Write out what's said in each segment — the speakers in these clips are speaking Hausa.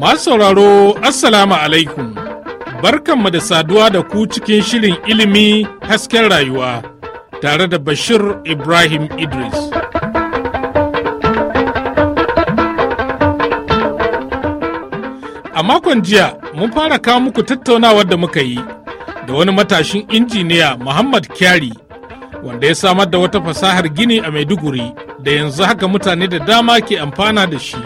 Masu sauraro Assalamu alaikum, barkanmu da saduwa da ku cikin shirin ilimi hasken rayuwa tare da Bashir Ibrahim Idris. A makon jiya mun fara kawo muku tattaunawar da muka yi da wani matashin injiniya Muhammad Kyari wanda ya samar da wata fasahar gini a maiduguri da yanzu haka mutane da dama ke amfana da shi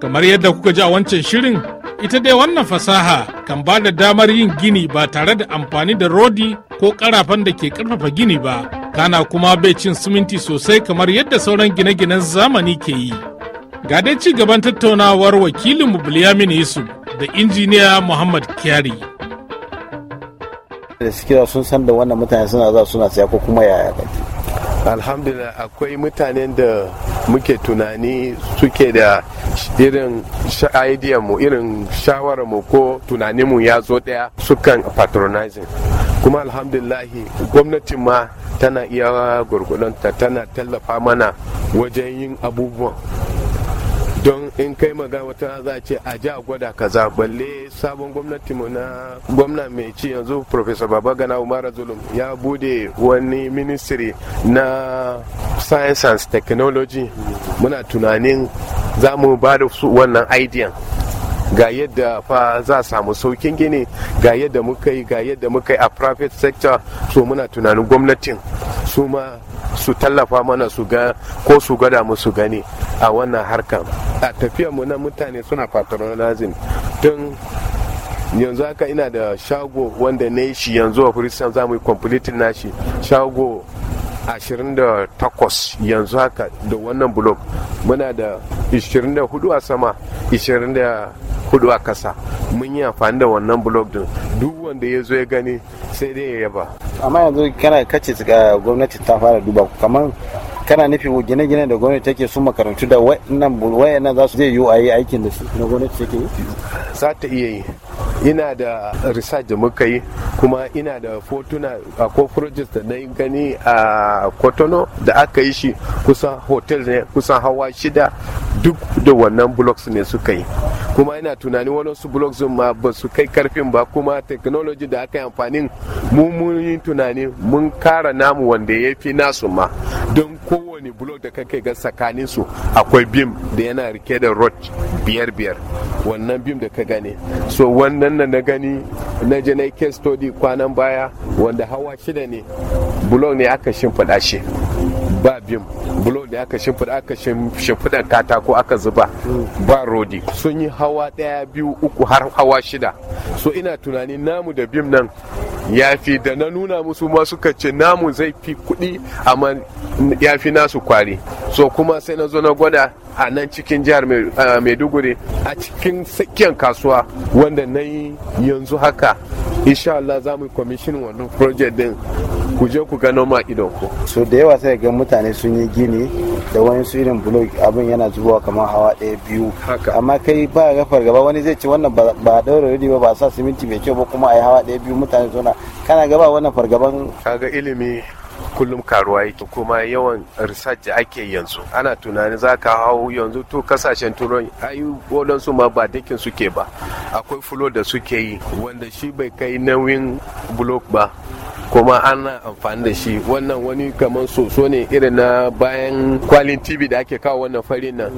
kamar yadda kuka ji a wancan shirin ita dai wannan fasaha kan ba da damar yin gini ba tare da amfani da rodi ko karafan da ke karfafa gini ba kana kuma bai cin siminti sosai kamar yadda sauran gine-ginen zamani ke yi ga dai ci gaban tattaunawar wakilin bilyamin yusuf da injiniya muhammad kyari da suke sun san da wannan mutane suna za suna saya ko kuma yaya alhamdulillah akwai mutanen da muke tunani suke da irin idea mu irin shawarar mu ko tunanin mu ya zo daya sukan patronizing kuma alhamdulillahi gwamnati ma tana iya gurgudanta tana tallafa mana wajen yin abubuwan don in kai magana wata za a ce a ja gwada kaza balle sabon gwamnati mu na gwamna mai ci yanzu professor gana umar zulum ya bude wani ministry na science and technology muna tunanin za mu ba da wannan idea ga yadda fa za samu saukin gini ga yadda muka yi ga yadda muka yi a private sector so muna tunanin gwamnatin su ma su tallafa mana su ga ko su gada mu su gani a wannan harkan a tafiyar mu na mutane suna patronizing tun yanzu haka ina da shago wanda na shi yanzu a firistam za mu yi completing nashi shago 28 yanzu haka da wannan blog muna da 24 a sama hudu a kasa mun yi amfani da wannan blog din duk wanda ya zo ya gani sai dai ya yaba amma yanzu kana kace gwamnati ta fara duba kamar kana nufin gine-gine da gwamnati take su makarantu da wayannan za su zai a yi aikin da su na gwamnati take yi za ta iya yi ina da research da muka yi kuma ina da fotuna a ko da na gani a kotono da aka yi shi kusan hotel ne kusan hawa shida duk da wannan blocks ne suka yi kuma ina tunanin su blocks ma ba su kai karfin ba kuma technology da aka yi amfanin mu tunani mun kara namu wanda ya fi nasu ma don kowane blog da kai ga tsakanin su akwai bim da yana rike da rod biyar biyar wannan bim da ka gane so wannan na na gani na je na yi case study kwanan baya wanda hawa shida ne blog ne aka shimfiɗa shi ba bim blog ne aka shimfiɗa aka shimfiɗa katako aka zuba ba rodi sun yi hawa ɗaya biyu uku har hawa shida so ina tunanin namu da bim nan ya fi da na nuna musu ma suka ce namu zai fi kuɗi amma ya fi nasu kwari so kuma sai na zo na gwada a nan cikin jihar maiduguri a cikin tsakiyar kasuwa wanda na yi yanzu haka insha Allah za mu yi kwamishin wannan project din ku je ku gano ma idon ku so da yawa sai ga mutane sun yi gini da wani su irin blog abin yana zuwa kamar hawa ɗaya biyu amma kai ba ga gaba wani zai ce wannan ba daura rudi ba ba sa siminti mai kyau ba kuma a yi hawa ɗaya biyu mutane zona kana gaba wannan fargaban kaga ilimi kullum karuwa yake kuma yawan research da ake yanzu ana tunanin za ka hau yanzu to kasashen turon ayu ayi su ma ba dakin suke ba akwai fulo da suke yi wanda shi bai kai nauyin blok ba kuma ana amfani da shi wannan wani kamar soso ne irin na bayan kwalin tv da ake kawo wannan farin nan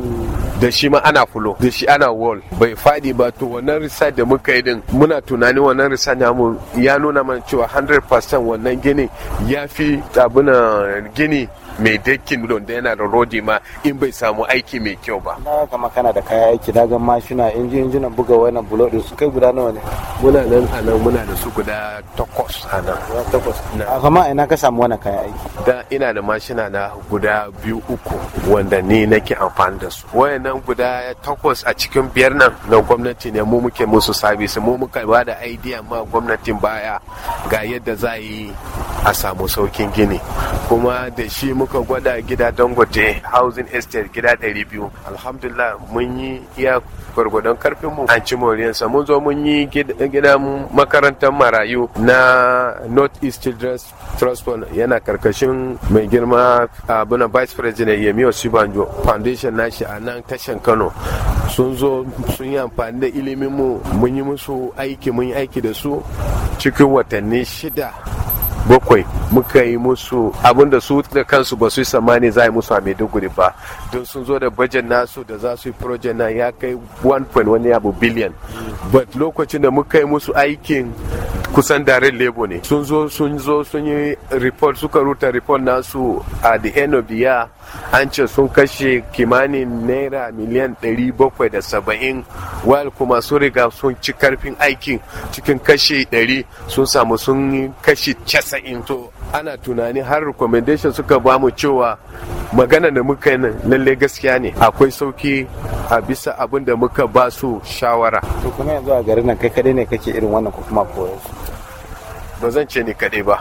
da shi ma ana fulo da shi ana wall bai fadi ba to wannan research da muka yi din muna tunani wannan research namu ya nuna mana cewa 100% wannan gini ya fi abuna gini mai dakin wanda yana da rodi ma in bai samu aiki mai kyau ba na ga makana da kaya aiki na ga mashina inji injinan buga wannan bulo din su kai guda nawa ne muna nan a nan muna da su guda takwas a nan takwas a kama ina ka samu wani kaya aiki da ina da mashina na guda biyu uku wanda ni nake amfani da su wayannan guda takwas a cikin biyar nan na gwamnati ne mu muke musu sabis mu muka ba da idea ma gwamnatin baya ga yadda za yi a samu saukin gini kuma da shi muka gwada gida dangote housing estate gida 200 alhamdulillah mun yi iya gwargwadon mu. an ci moriyarsa mun zo mun yi gida makarantar marayu na north east children's trust fund yana karkashin mai girma abuna vice president yemi osibanjo foundation nashi a nan tashan kano sun zo sun yi amfani da ilimin mu mun yi musu aiki mun yi aiki da su cikin watanni shida bakwai muka yi musu abinda su da kansu ba su yi samani za a yi musu a maiduguri ba don sun zo da bajet nasu da za su yi projen na ya kai 1.1 abu biliyan but lokacin da muka yi musu aikin kusan direct labor ne sun zo sun zo sun yi report suka ruta report nasu a the end of the year an ce sun kashe kimanin naira miliyan 770 while kuma sun riga sun ci karfin aikin cikin kashe 100 sun samu sun kashe 90 to ana tunani har recommendation suka ba mu cewa magana da muka yi lalle gaskiya ne akwai sauki a bisa abin da muka ba su shawara to kuma yanzu a garin nan kai kadai ne kake irin wannan ko kuma koyo ba zan ce ni kadai ba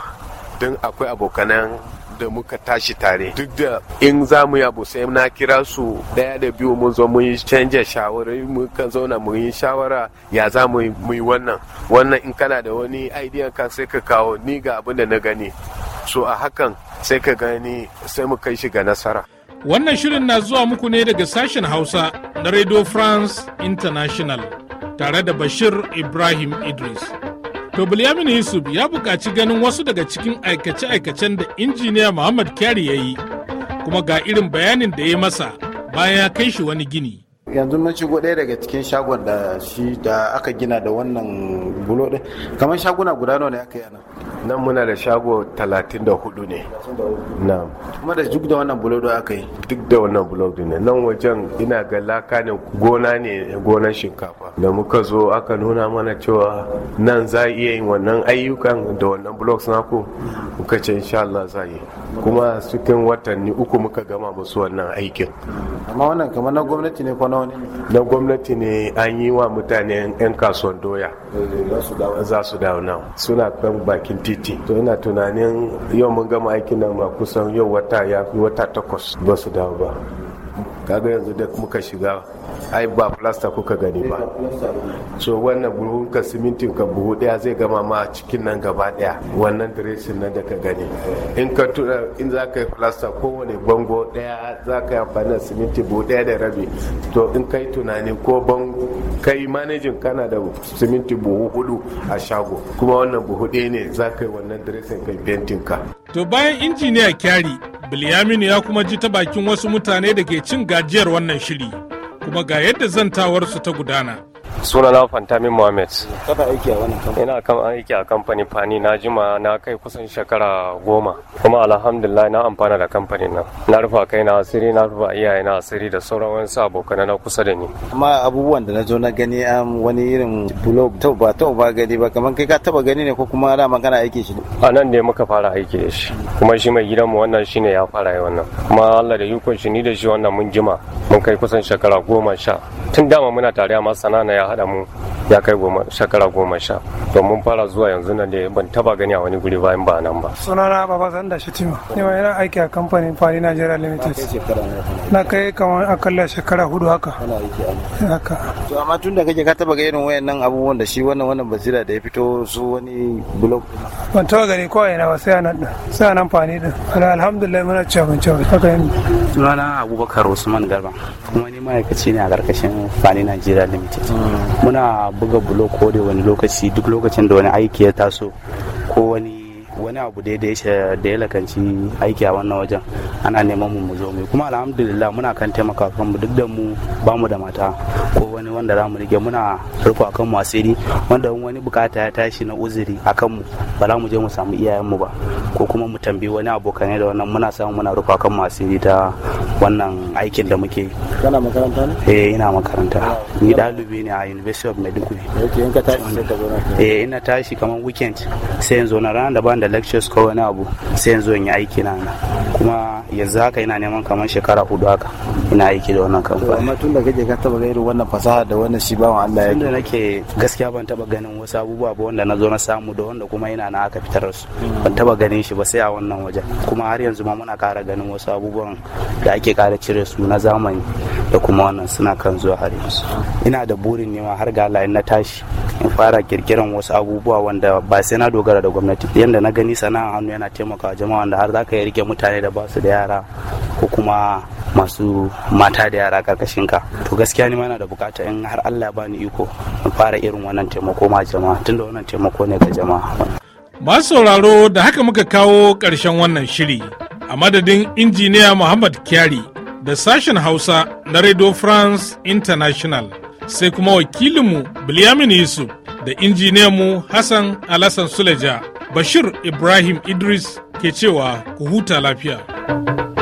don akwai abokanan da muka tashi tare duk da in za mu yabo sai na kira su daya da biyu mun zo mun yi canja shawara mu zauna mun yi shawara ya za mu yi wannan wannan in kana da wani idea ka sai ka kawo ni ga abin da na gani so a hakan sai ka gani sai mu kai shi ga nasara wannan shirin na zuwa muku ne daga sashen hausa na radio france international tare da bashir ibrahim idris To Bilyamin Yusuf ya buƙaci ganin wasu daga cikin aikace-aikacen da injiniya Muhammad Kyari ya yi, kuma ga irin bayanin da ya masa bayan ya kai shi wani gini. yanzu mun shigo ɗaya daga cikin shagon da shi da aka gina da wannan bulo ɗin kamar shaguna guda nawa ne aka yi nan nan muna da shago 34 ne kuma da duk da wannan bulodo aka yi duk da wannan bulodo ne nan wajen ina ga laka ne gona ne gonan shinkafa da muka zo aka nuna mana cewa nan za a iya yin wannan ayyukan da wannan suna ko muka ce insha Allah za yi kuma cikin watanni uku muka gama musu wannan aikin amma wannan kamar na gwamnati ne ko na wani na gwamnati ne an yi wa mutane 'yan kasuwan doya za su dawo nan suna kan bakin titi to ina tunanin yau mun gama aikin nan ma kusan yau wata ya fi wata takwas ba su dawo ba kaga yanzu da muka shiga ai ba plasta kuka gani ba so wannan buhun ka simintin ka buhu daya zai gama ma cikin nan gaba daya wannan dressing nan da ka gani in ka tura in za ka yi plasta kowane bango daya za ka yi amfani da siminti buhu daya da rabi to in ka yi tunani ko ban kai manajin kana da siminti buhu hudu a shago kuma wannan buhu daya ne za ka yi wannan dressing kai bentin ka to bayan injiniya kyari Bilyaminu ya kuma ji ta bakin wasu mutane da ke cin gajiyar wannan shiri, kuma ga yadda zantawarsu ta gudana. suna na fantamin mohammed kada aiki a wannan kamfani ina kan aiki a kamfani fani na jima na kai kusan shekara goma kuma alhamdulillah na amfana da kamfanin nan na rufa kai na asiri na rufa iyaye na asiri da sauran wasu abokan na kusa da ni amma abubuwan da na zo na gani am wani irin blog to ba to ba gani ba kamar kai ka taba gani ne ko kuma da magana aiki shi a nan ne muka fara aiki da shi kuma shi mai gidan mu wannan shine ya fara yi wannan kuma Allah da yukon shi ni da shi wannan mun jima mun kai kusan shekara goma sha tun dama muna tare a masana na ya chợ đầu ya kai goma shekara goma sha to mun fara zuwa yanzu nan da ban taba gani a wani guri bayan ba nan ba sunana baba sanda shitima ne mai yana aiki a kamfanin fari nigeria limited na kai kamar akalla shekara hudu haka haka to amma tun da kake ka taba ga irin wayannan abubuwan da shi wannan wannan bazira da ya fito su wani blog ban taba gani ko yana ba sai anan sai nan fani din alhamdulillah muna cewa ban cewa haka yin sunana abubakar usman garba kuma ni ma'aikaci ne a karkashin fani nigeria limited mm. muna buga bulo ko da wani lokaci duk lokacin da wani aiki ya taso ko wani wani abu da da ya lakanci aiki a wannan wajen ana neman mu zo mu kuma alhamdulillah muna kan taimaka kan mu duk da mu ba mu da mata ko wani wanda za mu rike muna rufe a mu asiri wanda wani bukata ya tashi na uzuri a mu ba za mu je mu samu iyayen mu ba ko kuma mu tambayi wani abokan da wannan muna samu muna rufe a mu asiri ta wannan aikin da muke yi kana makaranta ne eh ina makaranta ni dalibi ne a University of Maiduguri eh ina tashi kamar weekend sai yanzu na ranar da ban da da lectures ko wani abu sai yanzu yi aiki na nan kuma yanzu haka ina neman kamar shekara hudu haka ina aiki da wannan kamfani amma tun da kake ka taba ga irin wannan fasaha da wannan shi wa Allah ya tunda nake gaskiya ban taba ganin wasu abubuwa ba wanda na zo na samu da wanda kuma ina na aka fitar su ban taba ganin shi ba sai a wannan wajen kuma har yanzu ma muna kara ganin wasu abubuwan da ake kara cire su na zamani da kuma wannan suna kan zuwa har yanzu ina da burin nema har ga Allah na tashi mu fara kirkiran wasu abubuwa wanda ba sai na dogara da gwamnati yadda na gani sana'a hannu yana taimakawa jama'a wanda har zaka rike mutane da ba su da yara ko kuma masu mata da yara karkashin ka to gaskiya ne ma yana da bukata in har Allah bani iko mu fara irin wannan taimako ma jama'a tunda wannan taimako ne ga jama'a masu sauraro da haka muka kawo karshen wannan shiri a madadin injiniya muhammad kyari da sashen hausa na radio france international sai kuma wakilinmu Bilyamin Yusuf da injiniyanmu Hassan Alassan Suleja Bashir Ibrahim Idris ke cewa ku huta lafiya.